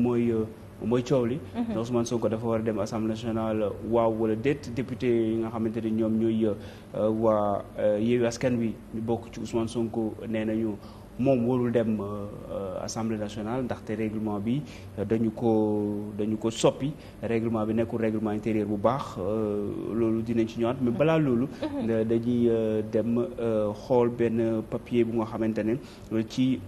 mooy euh, mooy coow li mhm. ndax Ousmane Sonko dafa war a dem assemblée nationale euh, waaw wala déet député yi nga xamante ni ñoom ñooy euh, waa Yewwi Askan Wi ñu bokk ci Ousmane Sonko nee nañu moom warul dem assemblée nationale ndaxte réglement bi dañu ko dañu ko soppi réglement bi nekkul règlement intérieur bu baax loolu dinañ ci ñëwaat mais balaa loolu mhm. dañuy dem xool benn papier bu nga xamante ne ci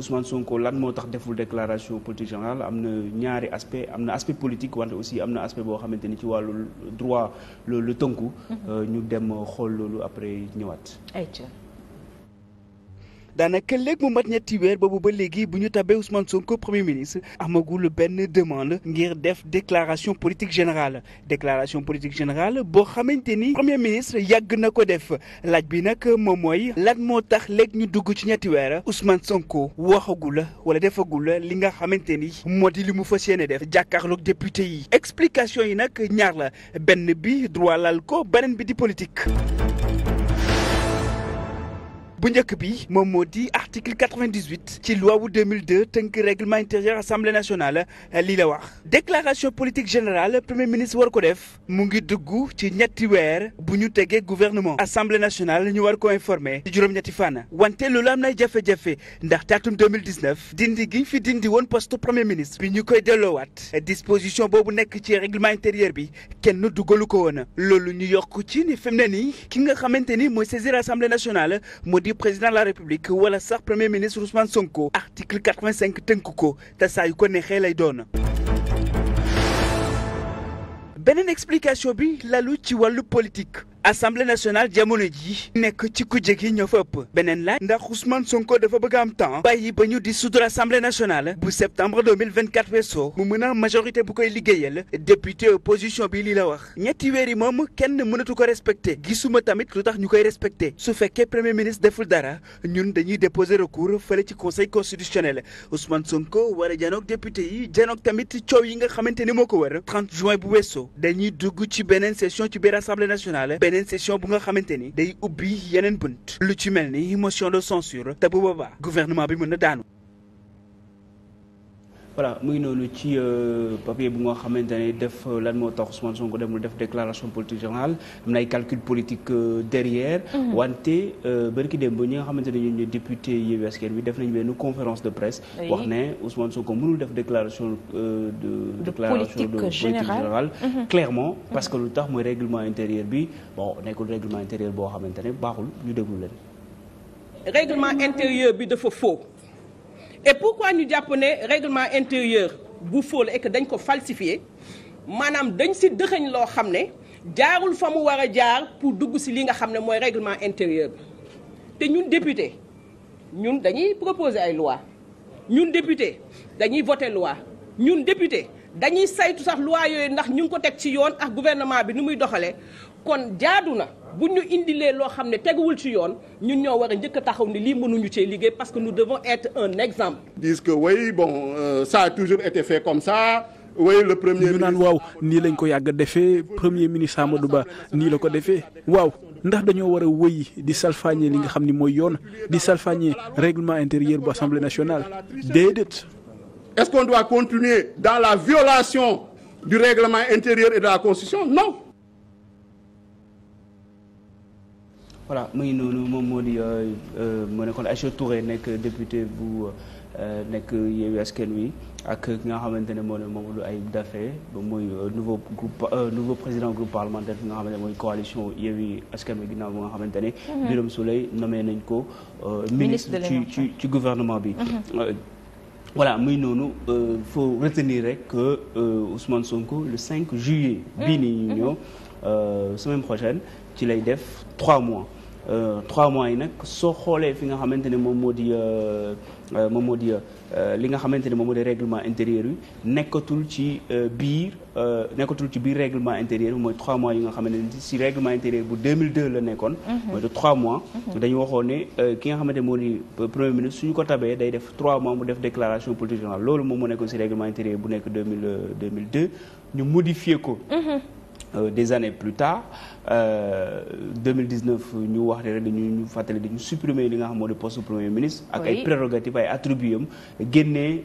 Ousmane Sonko lan moo tax deful déclaration politique générale am na ñaari aspect am na aspect politique wante aussi am na aspect boo xamante ni ci wàllu droit loolu la tënku. Mhm. Euh, ñu dem xool loolu après ñëwaat. daanaka léeg mu mat ñetti weer boobu ba léegi bu ñu tabee Ousmane Sonko premier ministre amagul benn demande ngir def déclaration politique général déclaration politique général boo xamante ni premier ministre yàgg na ko def laaj bi nag moom mooy lan moo tax léeg ñu dugg ci ñetti weer a Ousmane Sonko waxagul wala defagul li nga xamante ni moo di li mu fa yéene def jàkkaarloog député yi explication yi nag ñaar la benn bi droit lal ko beneen bi di politique. bu njëkk bi moom moo di article 98 ci loi wu 2002 tënk règlement intérieur assemblée nationale lii la wax déclaration politique générale premier ministre war ko def mu ngi dugg ci ñetti weer bu ñu tegee gouvernement assemblée nationale ñu war ko informer ci juróom-ñetti fànn wante loolu am nay jafe-jafe ndax taatum 2019 dindi gi fi dindi woon poste premier ministre bi ñu koy delloowaat disposition boobu nekk ci règlement intérieur bi kenn dugalu ko woon loolu ñu yokk ci ni ni mooy saisir yu président la république wala sax premier ministre Ousmane Sonko article 85 tënk ko te saa yu ko neexee lay doon. beneen explication bi lalu ci wàllu politique. assemblée nationale jamono ji nekk ci ku gi ñoo fa ëpp beneen la ndax Ousmane Sonko dafa bëgg am temps bàyyi ba ñu di sudur assemblée nationale bu septembre 2024 weesoo mu mën a majorité bu koy liggéeyal député opposition bi lii la wax ñetti weer yi moom kenn mënatu ko respecté gisuma tamit lu tax ñu koy respecté su fekkee premier ministre deful dara ñun dañuy déposer recours fële ci conseil constitutionnel Ousmane Sonko war a janoog député yi janoog tamit coow yi nga xamante ni moo ko wër 30 juin bu weesoo dañuy dugg ci beneen session ci biir assemblée nationale beneen session bu nga xamante ni day ubbi yeneen bunt lu ci mel ni motion de censure te bu boobaa gouvernement bi mën na daanu voilà muy noonu ci euh, papier bu nga xamante ne def euh, lan moo tax Ousmane Sonko demul def déclaration politique générale am na ay calcul politique euh, derrière. Mhm. wante barki dem ba ñi nga xamante ne ñun ñu député Yewwi Askan bi def nañ benn conférence de presse. wax ne Ousmane Sonko mënul def déclaration de. déclaration de politique générale mhm. clairement parce que mhm. lu tax mooy réglement intérieur bi boo nekkul règlement intérieur boo xamante ne baaxul ñu déglu leen. règlement intérieur bi dafa faux. et pourquoi ñu jàpp ne règlement intérieur bu fóol et dañ ko falsifié maanaam dañ si dëxëñ loo xam ne jaarul fa mu war a jaar pour dugg si li nga xam ne mooy règlement intérieur bi te ñun député ñun dañuy proposé ay loi ñun député dañuy voter loi ñun député dañuy saytu sax loi yooyu ndax ñu ngi ko teg ci yoon ak gouvernement bi ni muy doxalee kon jaadu na bu ñu indilee loo xam ne teguwul ci yoon ñu ñoo war a njëkk taxaw ni lii mënuñu cee liggéey parce que nous devons être un exemple. disent que oui bon euh, comme ça. oui le premier ministre naan waaw nii lañ ko yàgg a defee premier ministre Amadou Ba nii la ko defee waaw ndax dañoo war a wëy di salfaañe li nga xam ni mooy yoon di salfaañe règlement intérieur bu assemblée nationale déedéet. Est-ce qu'on continuer dans la violation du règlement intérieur et de la Constitution Non. voilà mu ngi noonu moom moo di euh, euh, mu nekkoon Aïcha nekk député bu euh, nekk Yewwi Askan Wi ak ki nga xamante ne moo ne Mamadou Ayib Daffé ba mooy nouveau groupe nouveau président groupe parlementaire bi mooy coalition Yewwi Askan Wi ginnaaw bi nga xamante ne mhm. Birame Souleye nommé nañ ko ministre ci ci ci gouvernement bi mhm. voilà muy noonu euh, faut retenir rek que euh, Ousmane Sonko le 5 juillet. bii nii ñu mmh, mmh. ñëw euh, semaine prochaine ci lay def 3 mois. Euh, trois mois yi nag soo xoolee fi nga xamante ne moom moo di euh, euh, moom moo di li nga xamante ne moom moo di règlement intérieur yi nekkatul ci biir nekkatul ci biir règlement intérieur bi mooy trois mois yi nga xamante ne si règlement intérieur bu 2002 la nekkoon. Mhm. mooy de trois mois. Mhm. dañu waxoon ne ki nga xamante ne moo di premier ministre suñu ko tabee day def trois mois mu def déclaration politique générale loolu moom moo nekkoon si règlement intérieur bu nekk 2000 2002 ñu modifier ko. Mhm. Euh, des années plus tard 2019 euh, ñu wax ne rek dañu ñu fàttali dañu supprimer li nga xam moo di poste premier ministre. ak ay prérogatives ay attributs am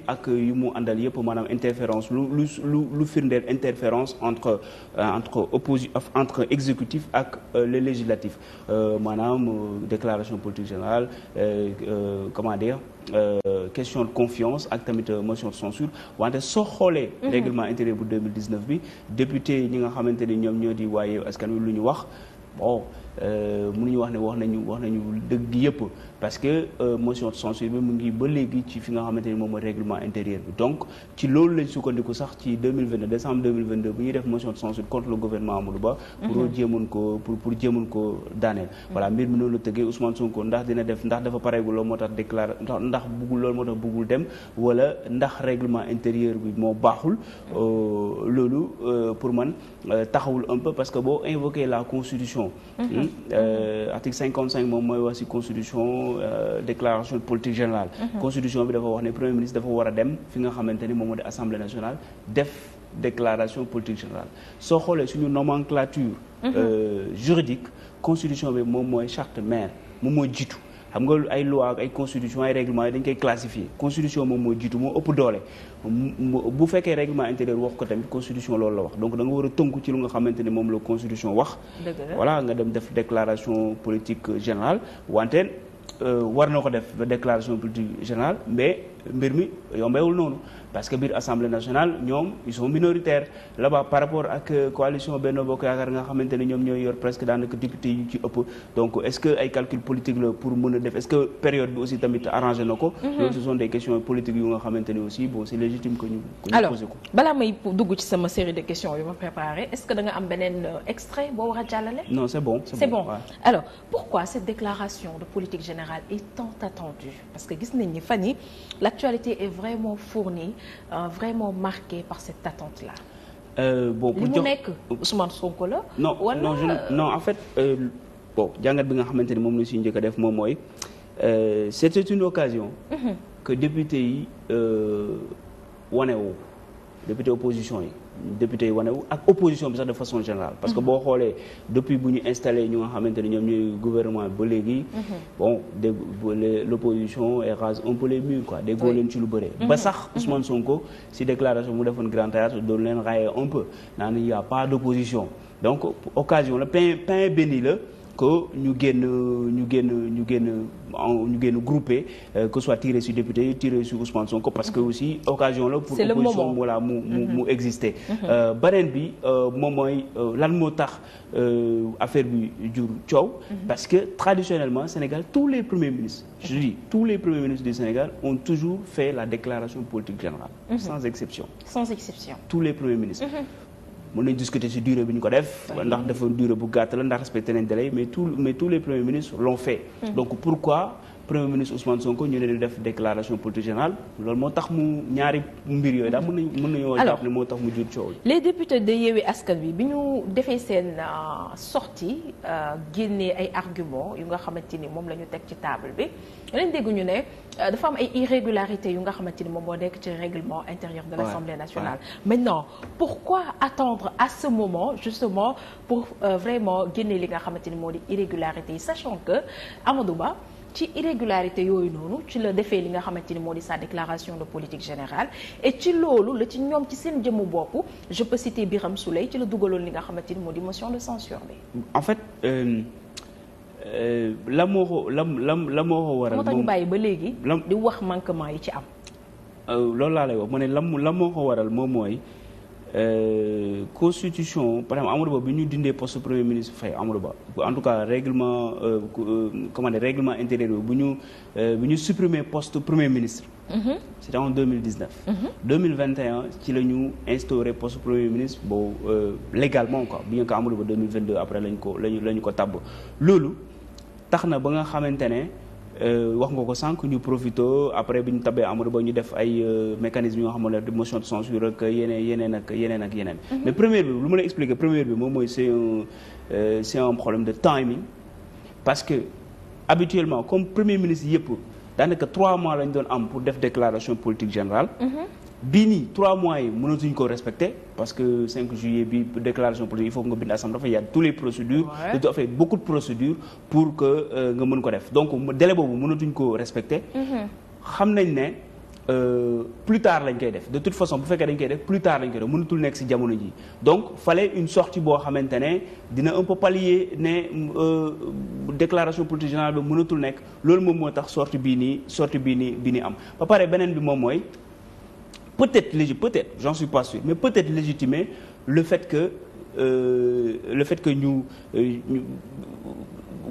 ak yu mu àndal yëpp maanaam interférence lu lu lu lu firndeel interférence entre euh, entre opposi entre exécutif ak le législatif maanaam déclaration politique générale comment dire. Euh, question de confiance ak tamit euh, motion de censure wante soo xoolee mhm. règlement intérieur bu 2019 bi député ñi nga xamante ni ñoom ñoo di waaye askan wi lu ñu wax boo Euh, mënuñu wax ne wax nañu wax nañu dëgg yëpp parce que euh, motion de censure bi mu ngi ba léegi ci fi nga xamante ni moom mooy réglement intérieur bi donc ci loolu lañ sukkandiku sax ci 2022 décembre 2022 bu ñuy def motion de censure contre le gouvernement Amadou Ba pour mhm. jéemoon ko pour pour jéemoon ko daaneel mhm. voilà mbir mi noonu la tëggee Ousmane Sonko ndax dina def ndax dafa pareegul loolu moo tax déclaré ndax buggul loolu moo tax buggul dem wala ndax réglement intérieur bi moo baaxul euh, loolu pour man taxawul un peu parce que boo invoqué la constitution mhm. hmm, bi euh, article cinquante cinq moom mooy wax ci constitution euh, déclaration politique générale mhm. constitution bi dafa wax ne premier ministre dafa war a dem fi nga xamante ni moom moo de assemblée nationale def déclaration politique générale soo xoolee suñu nomenclature mhm. euh, juridique constitution bi moom mooy charte mère moom mooy jiitu xam nga ay loi ay constitution ay règlement dañ koy classifier constitution moom moo jiitu moo ëpp doole bu fekkee règlement intérieur wax ko tamit constitution loolu la wax donc da nga war a tënku ci lu nga xamante ne moom la constitution wax voilà nga dem def déclaration politique générale wante euh, war na ko def déclaration politique générale mais mbir mi yombewul noonu parce que biir assemblée nationale ñoom ils sont minoritaires par rapport ak euh, coalition Benno Bokk Yaakaar nga xamante ne ñoom ñooy yor presque daanaka député yu ci ëpp donc est-ce que ay calcul politique mhm. est balaa may dugg ci sama série de questions yu ma préparé est-ce que da am beneen euh, extrait boo war jàllale. non c'est bon c'est bon pourquoi cette déclaration de politique générale est tant parce que gis nañ l'actualité est vraiment fournie euh, vraiment marquée par cette attente là. Euh, bon pour jox li mu nekk Ousmane la. non non je non en fait euh, bon jàngat bi nga xamante ni moom la si njëkk def moom mooy euh, c'était une occasion. Mhm. que député yi wane woo député opposition yi. député yi wane wu ak opposition bi sax de façon générale parce que boo xoolee depuis bu ñu installé ñu nga xamante ne ñoom ñooy gouvernement ba léegi bon dégg l' opposition érase peu les murs quoi ci lu bëre mhm. ba sax Ousmane Sonko si déclaration mu defoon grand théâtre doon leen raillé un peu naan il a pas d' opposition donc occasion la pain pain béni la que ñu génn ñu génn ñu génn ñu génn groupé euh, que soit tiré sur député tiré sur Ousmane Sonko parce que mhm. aussi occasion la pour opposition voilà mu mu mhm. mu exister mhm. euh, beneen bi euh, moom mooy lan moo tax affaire bi jur coow parce que traditionnellement Sénégal tous les premiers ministres je dis tous les premiers ministres du Sénégal ont toujours fait la déclaration politique générale sans exception sans exception tous les premiers ministres mën nañ discuter ci durée bi ñu ko def ndax dafa durée bu gàtt la ndax respecté nañ délai mais tous les premiers ministres l'ont fait mm. donc pourquoi premier ministre Ousmane Sonko ñu ne du def déclaration politique générale loolu moo tax mu ñaari mbir yooyu daal mën nañu mën moo tax mu jur coow les députés de Yewwi Askan Wi bi ñu defee seen euh, sortie euh, génnee ay argument yu nga xamante ni moom la ñu teg ci table bi leen dégg ñu ne euh, dafa am ay irrégularités yu nga xamante ni moom moo nekk ci règlement intérieur de l'Assemblée nationale maintenant pourquoi attendre à ce moment justement pour vraiment génne li nga xamante ni moo di irrégularité yi sachant que Amadou Ba ci irrégularité yooyu noonu ci la defee li nga xamante ni moo di sa déclaration de politique générale et ci loolu la ci ñoom ci seen jëmmu bopp je peux citer Birame Souley ci la dugaloon li nga xamante ni moo di motion de censure bi en fait euh... euh la moo ko la la moo ko waral. moo bàyyi ba léegi. di wax manquement yi ci am. Euh, loolu laa lay wax ne la la moo ko waral moom mooy. Euh, constitution par exemple Amadou Ba bi ñu dindee poste premier ministre Faye Amadou Ba en tout cas règlement euh, euh, comment dire règlement intérieur bi bu ñu bu ñu supprimer poste premier ministre. Mm-hmm. c'était en 2019. 2021 mm-hmm. ci la ñu instauré poste premier ministre boobu légalement quoi bien que Amadou Ba 2022 après lañ ko lañ lañ ko tàbb loolu tax na ba nga xamante Euh, wax nga ko sànq ñu profito après bi ñu tabee Amadou Ba ñu def ay euh, mécanismes yoo xam ne de motion de censure ak yeneen yeneen ak yeneen ak yeneen. Mhm. mais première bi lu ma la expliquer première bi moom mooy c'est un euh, c'est un problème de timing parce que habituellement comme premier ministre yëpp daanaka trois mois lañ doon am pour def déclaration politique général mhm. bii nii trois mois yi mënatuñ ko respecter parce que cinq juillet bi déclaration politique il faut nga bind assemblée dafa y a tous les procédures ouais. beaucoup procédures pour que euh, nga mën ko def donc délai boobu mënatuñ ko respecter mhm. xam nañ ne Euh, plus tard lañ koy def de toute façon bu fekkee dañ koy def plus tard lañ koy def mënatul nekk si jamono ji donc fale une sorti boo xamante ne dina un peu pallier ne euh, déclaration politique générale bi mënatul nekk loolu moo tax sortie bii nii sortie bii nii bi ni am ba pare beneen bi moom mooy peut-être légi peut-être j'en suis pas sûr mais peut-être légitimer le fait que euh, le fait que ñu euh,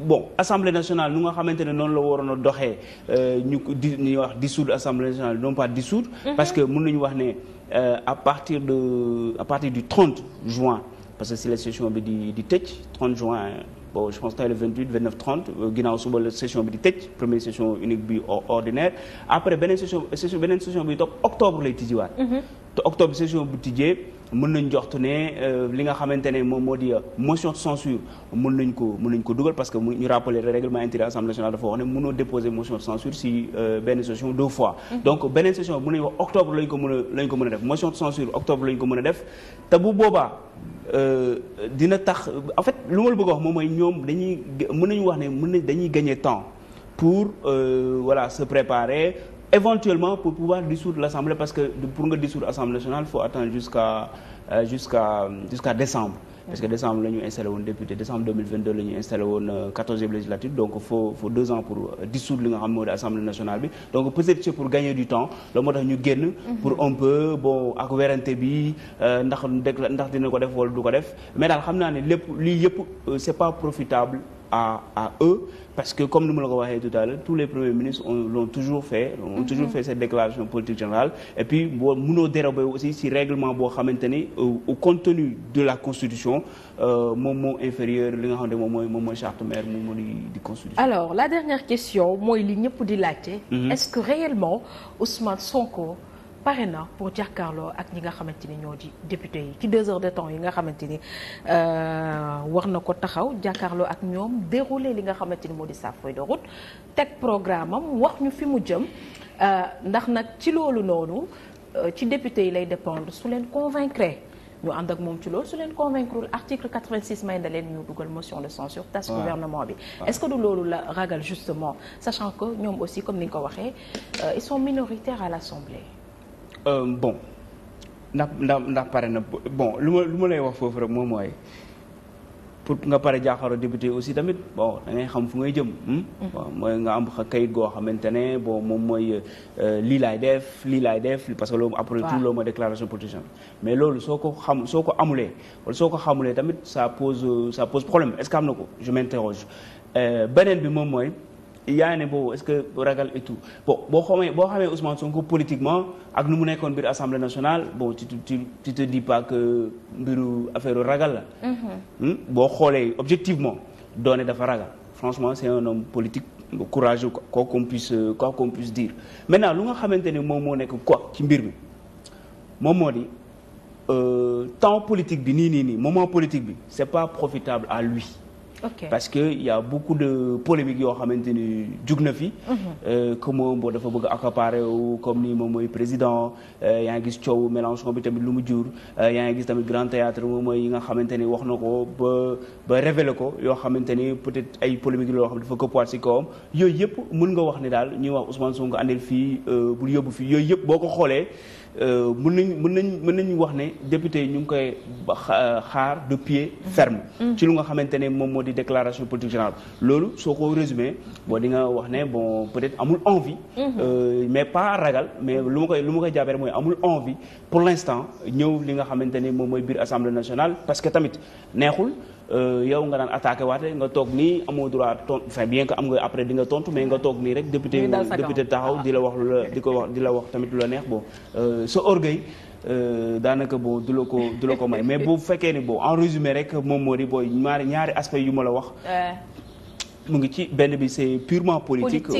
bon assemblée nationale nu nga xamante ne noonu la waroon a doxee euh, ñu di ñuy wax dissoudre assemblée nationale non pas dissoudre mhm. parce que mën nañu wax ne euh, à partir de à partir du 30 juin parce que si la session bi di di tëj 30 juin bon je pense tey le 28 29 30 ginnaaw suba la session bi di tëj session unique bi ordinaire après beneen session beneen session octobre lay tijjiwaat. Mhm. octobre session bu mën nañ joxtu ne euh, li nga xamante ne moom moo di euh, motion de censure mun nañ ko mun nañ ko dugal parce que ñu rappeler règlement intérieur assemblée nationale dafa wax ne mënoo déposer motion de euh, fois mm-hmm. donc beneen session mën nañ wax octobre lañ ko mën a lañ ko mën a def motion de censure octobre lañ ko mën a def te bu boobaa dina tax en fait lu ma la bëgg wax moom mooy ñoom dañuy mën nañu wax ne mun nañ dañuy gagner temps pour voilà se préparer éventuellement pour pouvoir dissoudre l'Assemblée parce que pour nga dissoudre Assemblée nationale faut attendre euh, jusqu'à jusqu'à décembre parce que décembre la ñu installé woon député décembre 2022 la ñu installé woon euh, quatorzième législature donc faut deux ans pour euh, dissoudre li nga xam moo assemblée nationale bi donc peut-être pour gagner du temps loolu moo tax ñu génn pour mhm. un peu bon ak werante bi ndax ndax dina ko def wala du ko def mais daal xam naa ne lépp lii yëpp c'est à à eux parce que comme ni ma la ko waxee tout à l'heure tous les premiers ministres on l'ont toujours fait ont mhm. toujours fait cette déclaration politique générale et puis boo mënoo dérober aussi si règlement boo xamante ni euh, au contenu de la constitution euh, moom moo inférieur li nga xam ne moom mooy moom mooy charte mère moom moo di constitution alors la dernière question mooy li ñëpp di laajte mhm. est-ce que réellement Ousmane Sonko pare na pour jàkkaarloo ak ñi nga xamante ni ñoo di député yi ci deux heures de temps yi nga xamante ni euh, wax na ko taxaw jàkkaarloo ak ñoom dérouler li nga xamante ni moo di sa feuille de route teg programme am wax ñu fi mu jëm euh, ndax nag ci loolu noonu euh, ci député yi lay dépendre su leen convaincre ñu ànd ak moom ci loolu su leen convaincre article 86 may na leen ñu dugal motion de censure tas gouvernement bi est-ce que du loolu la ragal justement sachant que ñoom aussi comme ni nga ko waxee ils sont minoritaires à l'Assemblée Euh, bon ndax ndax ndax pare na bon lu ma lu ma lay wax foofu rek moom mooy pour nga pare jaaxaaro député aussi tamit bon da xam fu ngay jëm. Hmm? Mm-hmm. bon mooy nga am kayit goo xamante ne bon moom mooy euh, lii laay def lii laay def parce que loolu après tout loolu mooy déclaration protection mais loolu soo ko xam soo ko amulee wala soo ko xamulee tamit ça pose ça pose problème est-ce que am na ko je m'interroge euh, beneen bi moom mooy. yaa ne boobu est-ce que ragal et tout bon boo xamee boo xamee Ousmane Sonko politiquement ak nu mu nekkoon biir assemblée nationale boo tu tu tu te dis pas que mbiru affaire ragal la. Mm-hmm. Hmm? boo xoolee objectivement doone dafa ragal franchement c'est un homme politique courageux quoi qu'on puisse quoi qu'on puisse dire maintenant lu nga xamante ni moom moo nekk ko ci mbir mi moom moo di euh, temps politique bi nii nii nii moment politique bi c'est pas profitable à lui. Okay. parce que ya a beaucoup de polémiques yoo xamante ni jug na fi. Mhm. Euh, que moom boo dafa bëgg a comme nii moom mooy président euh, yaa ngi gis coowu Mélenchon bi tamit lu mu jur. Euh, yaa ngi gis tamit grand théâtre moom mooy yi nga xamante ni wax na ko ba ba ko yoo xamante ni peut-être ay polémiques yoo xam ne dafa këppuwaat si kawam. yooyu yëpp mën nga wax ni daal ñuy wax Ousmane Sonko andil fii bul yóbbu fii yooyu yëpp boo ko xoolee. mun euh, nañ mën nañ mën nañu wax ne député ñu ngi koy xaar de pied ferme mm. ci lu nga xamante ne moom moo di déclaration politique générale loolu soo ko résumé bon di nga wax ne bon peut-être amul envie mm-hmm. euh, mais pas ragal mais lu ma koy lu ma koy jàppee mooy amul envie pour l'instant ñëw li nga xamante ne moom mooy biir assemblée nationale parce que tamit neexul Euh, yow nga daan attaque waate nga toog nii amoo droit tontu enfin bien que am nga après dinga nga tontu mais nga toog nii rek député député taxaw di la wax lu la di ko wax di la wax tamit lu la neex bon euh, sa orgueil euh, daanaka bon du la ko du la ko may mais bu fekkee ni bo en résumé rek moom moo di booy ñaari ñaari aspect yu ma la wax mu ngi ci benn bi c'est purement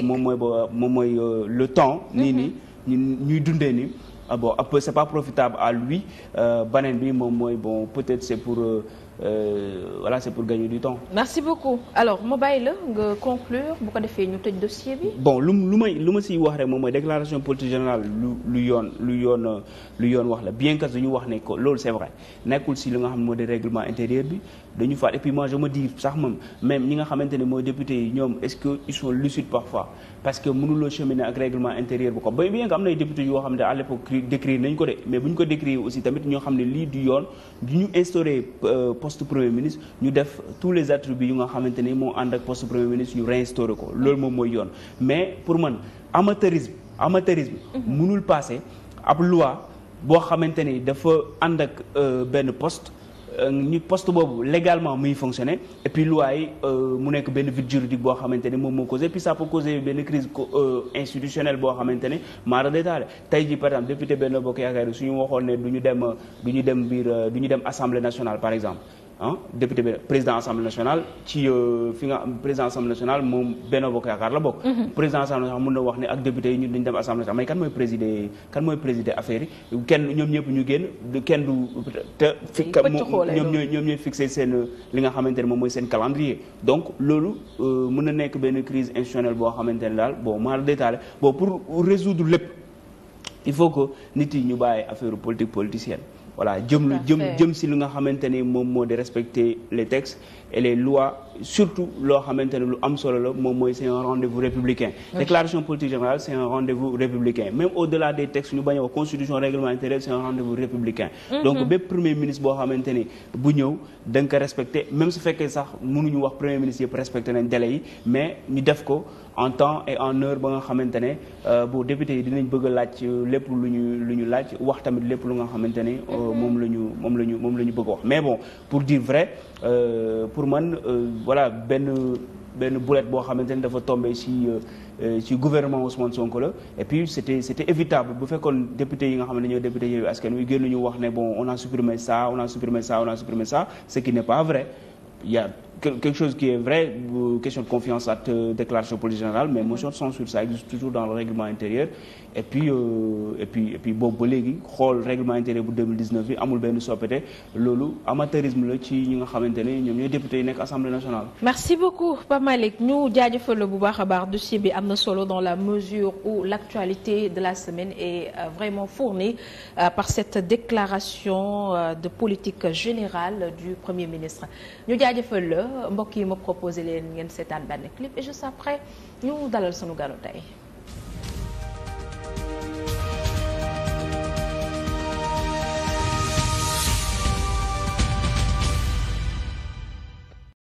moom mooy ba moom mooy le temps mm-hmm. nii nii ñu ñuy dundee ni ah bon c'est pas profitable à lui beneen bi moom mooy bon peut-être c'est pour Euh, voilà c'est pour gagner du temps. merci beaucoup alors ma nga conclure bu ko defee ñu tëj dossier bi. bon lu lu may lu ma si wax rek moom mooy déclaration politique générale lu lu yoon lu yoon lu yoon wax la bien que dañu wax ne ko loolu c'est vrai nekkul si lu nga xam ne moo di règlement intérieur bi dañu faat et puis moi je me ne mooy député yi ñoom est-ce que ils sont lucides parfois parce que mënuloo cheminer ak règlement intérieur bu ko ba bien que am na député yoo xam ne à l'époque décrire nañ ko de mais bu ñu ko poste premier ministre ñu def tous les attributs yu nga xamante ni moo ànd ak poste premier ministre ñu réinstaurer ko loolu moom mooy yoon mais pour man amateurisme amateurisme munul mhm. passé ab loi boo xamante ni dafa ànd ak euh, benn poste euh, ñu poste boobu légalement muy fonctionner et puis loi yi euh, mu nekk benn vide juridique boo xamante ne moom moo causé puis ça peut causer benn crise institutionnelle boo xamante ne maara détaillé tey jii par exemple député Benno Bokk Yaakaar suñu waxoon ne du dem du ñu dem biir du ñu dem assemblée nationale par exemple ah député bi président assemblée nationale ci euh, fi nga président assemblée nationale moom Benno Bokk Yaakaar la bokk. Mhm. président assemblée nationale mën na wax ne ak député yi ñun dañu dem assemblée nationale mais kan mooy présider kan mooy présider affaire yi kenn ñoom ñëpp ñu génn du kenn du. te fi ñoom ñooy ñoom ñooy fixé seen li nga xamante ne moom mooy seen calendrier. donc loolu euh, mën na nekk benn crise institutionnelle boo xamante ne daal bon maa détaillé bon pour résoudre lépp il faut que nit yi ñu bàyyi affaire politique politicienne. voilà jëm jëm jëm si li nga xamante ni moom moo di respecter le textes et les surtout loo xamante ne lu am solo la moom mooy c'est un rendez-vous républicain déclaration politique générale c'est un rendez-vous républicain même au-delà des textes ñu bañ a constitution règlement intérieur c'est un rendez-vous républicain mhm. donc bépp premier ministre boo xamante ne bu ñëw da nga ko même su fekkee sax mënuñu wax premier ministre yëpp respecté nañ délai yi mais ñu def ko en temps et en heure ba nga xamante ne euh, bu député yi dinañ bëgg a laaj euh, lépp lu ñu lu ñu laaj wax tamit lépp lu nga xamante ne euh, mhm. moom la ñu moom la ñu moom la ñu bëgg a mais bon pour man euh, voilà benn benn boulette boo xamante ni dafa tombé ci euh, euh, ci gouvernement Ousmane Sonko la et puis c'était c'était évitable bu fekkoon député yi nga xam ne ñoo député Yewwi Askan Wi génn ñu wax ne boo on a supprimé ça on a supprimé ça on a supprimé ça ce qui n'est pas vrai y quelque chose qui est vrai question de confiance ak déclaration politique générale mais motion euh, bi amul benn soppite loolu amateurisme la ci ñi nga xamante ne ñoom ñooy député yi nekk assemblée nationale. merci beaucoup Pape Malick ñu jaajëfal bu baax a baax dossier bi am na solo dans la mesure où l' actualité de la semaine est euh, vraiment fournie euh, par cette déclaration de politique générale mbokk yi ma proposé leen ngeen seetaan benn clip et juste après ñu dalal sunu ganu tey